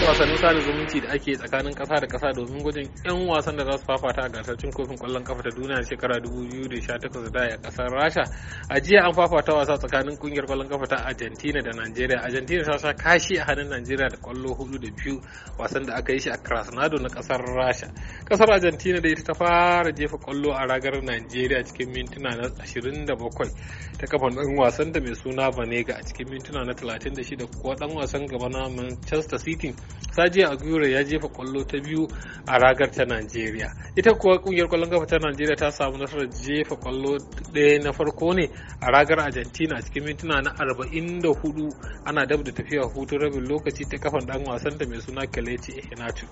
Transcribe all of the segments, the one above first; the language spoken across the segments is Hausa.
da wasannin sada zumunci da ake tsakanin kasa da kasa domin gwajin 'yan wasan da za su fafata a gasar cin kofin kwallon kafa ta duniya shekara 2018 da a kasar rasha a jiya an fafata wasa tsakanin kungiyar kwallon kafa ta argentina da nigeria argentina ta sha kashi a hannun nigeria da kwallo hudu da biyu wasan da aka yi shi a Krasnado na kasar rasha kasar argentina da ita ta fara jefa kwallo a ragar nigeria cikin mintuna na 27 ta kafa dan wasan da mai suna vanega a cikin mintuna na 36 kuwa dan wasan gaba na manchester city Sajiya Aguero ya jefa kwallo ta biyu a ragar ta Najeriya. Ita kuwa kungiyar kwallon kafa ta Najeriya ta samu nasarar jefa kwallo ɗaya na farko ne a ragar Argentina a cikin mintuna na 44 ana dab da tafiya hutun rabin lokaci ta kafan dan wasan ta mai suna Kelechi Iheanacho.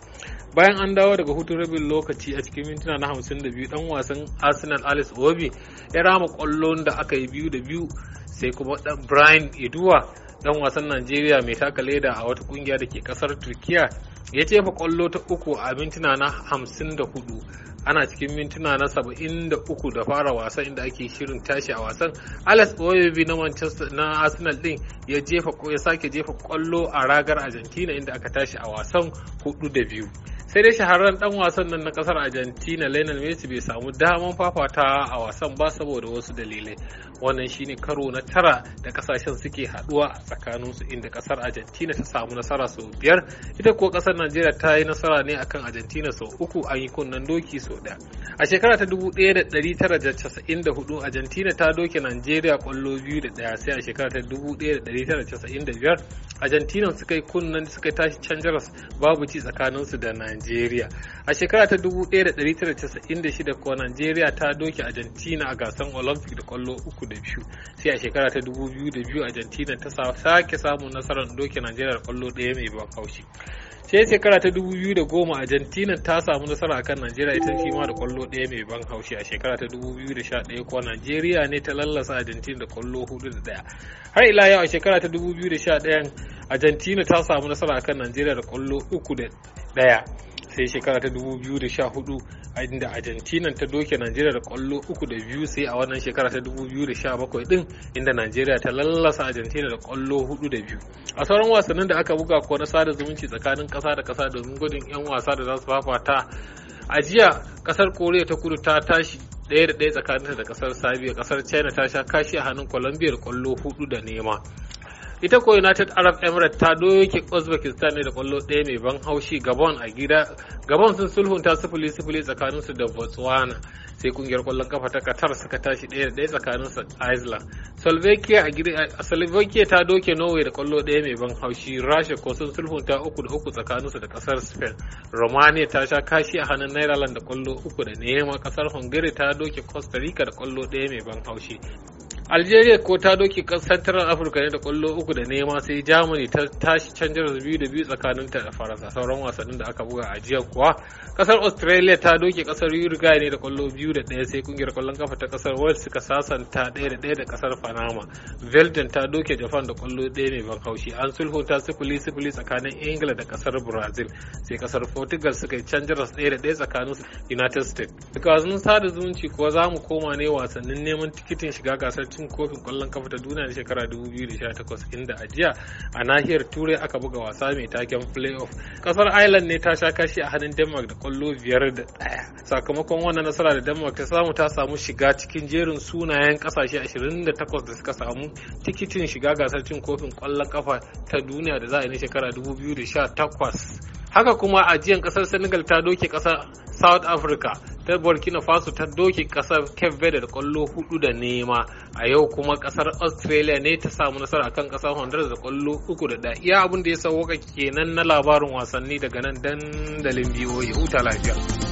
Bayan an dawo daga hutun rabin lokaci a cikin mintuna na 52 dan wasan Arsenal Alice Obi ya rama kwallon da aka yi biyu da biyu sai kuma Brian Edward dan wasan najeriya mai taka leda a wata kungiya da ke kasar turkiya ya jefa kwallo ta uku a mintuna na 54 ana cikin mintuna na 73 da fara wasan inda ake shirin tashi a wasan alex oyobi na manchester na arsenal din ya jefa ya sake jefa kwallo a ragar argentina inda aka tashi a wasan 4 da biyu sai dai shahararren dan wasan nan na kasar argentina lionel messi bai samu daman fafata a wasan ba saboda wasu dalilai wannan shine karo na tara da kasashen suke haduwa a tsakaninsu inda kasar argentina ta samu nasara sau biyar ita kuwa kasar najeriya ta yi nasara ne akan argentina sau uku an yi kunnen doki sau daya a shekara ta 1994 argentina ta doke najeriya kwallo biyu da daya sai a shekara ta 1995 argentina suka yi kunnen suka tashi can babu ci tsakaninsu da najeriya Najeriya. A shekara ta 1996 kuwa Najeriya ta doke Argentina a gasar Olympic da kwallo uku da biyu. Sai a shekara ta 2002 Argentina ta sake samun nasarar doke Najeriya da kwallo ɗaya mai ban haushi. sai shekara ta 2010 argentina ta samu nasara akan najeriya ita shi ma da kwallo ɗaya mai ban haushi a shekara ta 2011 kuwa najeriya ne ta lallasa argentina da kwallo hudu da ɗaya har ila yau a shekara ta 2011 argentina ta samu nasara akan najeriya da kwallo uku da ɗaya sai shekara ta 2014 inda argentina ta doke najeriya da kwallo uku da biyu sai a wannan shekara ta 2017 din inda najeriya ta lallasa argentina da kwallo hudu da biyu a sauran wasannin da aka buga kuwa na sada zumunci tsakanin kasa da kasa domin gudun 'yan wasa da za su fafata a jiya kasar koriya ta kudu ta tashi ɗaya da ɗaya tsakaninta da kasar sabiya kasar china ta sha kashi a hannun colombia da kwallo hudu da nema ita ko united arab emirates ta doke uzbekistan ne da kwallo ɗaya mai ban haushi gabon a gida gabon sun sulhunta sifili sifili su da botswana sai kungiyar kwallon kafa ta qatar suka tashi ɗaya da ɗaya tsakanin iceland slovakia ta doke norway da kwallo ɗaya mai ban haushi rasha ko sun sulhunta uku da uku tsakanin su da kasar spain romania ta sha kashi a hannun netherlands da kwallo uku da nema kasar hungary ta doke costa rica da kwallo ɗaya mai ban haushi Algeria ko ta doki Central Africa ne da kwallo uku da nema sai Germany ta tashi canjar biyu da biyu tsakanin ta da Faransa sauran wasannin da aka buga a jiya kuwa kasar Australia ta doke kasar Uruguay ne da kwallo biyu da ɗaya sai kungiyar kwallon kafa ta kasar Wales suka sasanta ɗaya da ɗaya da kasar Panama. Belgium ta doke Japan da kwallo ɗaya mai ban haushi an sulhunta sifili sifili tsakanin Ingila da kasar Brazil sai kasar Portugal suka yi canjar ɗaya da ɗaya tsakanin United States. Daga wasannin sada zumunci kuwa za mu koma ne wasannin neman tikitin shiga gasar cin kofin kwallon kafa ta duniya na shekara 2018 inda a jiya a nahiyar turai aka buga wasa mai taken playoff kasar ireland ne ta sha kashi a hannun denmark da kwallo biyar da daya sakamakon wannan nasara da denmark ta samu ta samu shiga cikin jerin sunayen kasashe 28 da suka samu tikitin shiga gasar cin kofin kwallon kafa ta duniya da za a yi na shekara 2018 haka kuma ajiyan kasar senegal ta doke kasar south africa ta burkina faso ta doke kasar cape da kwallo hudu da nema a yau kuma kasar australia ne ta samu nasara akan kasar honduras da kwallo uku da daya iya abin da ya sauwaka kenan na labarin wasanni daga nan dandalin biyoyi huta lafiya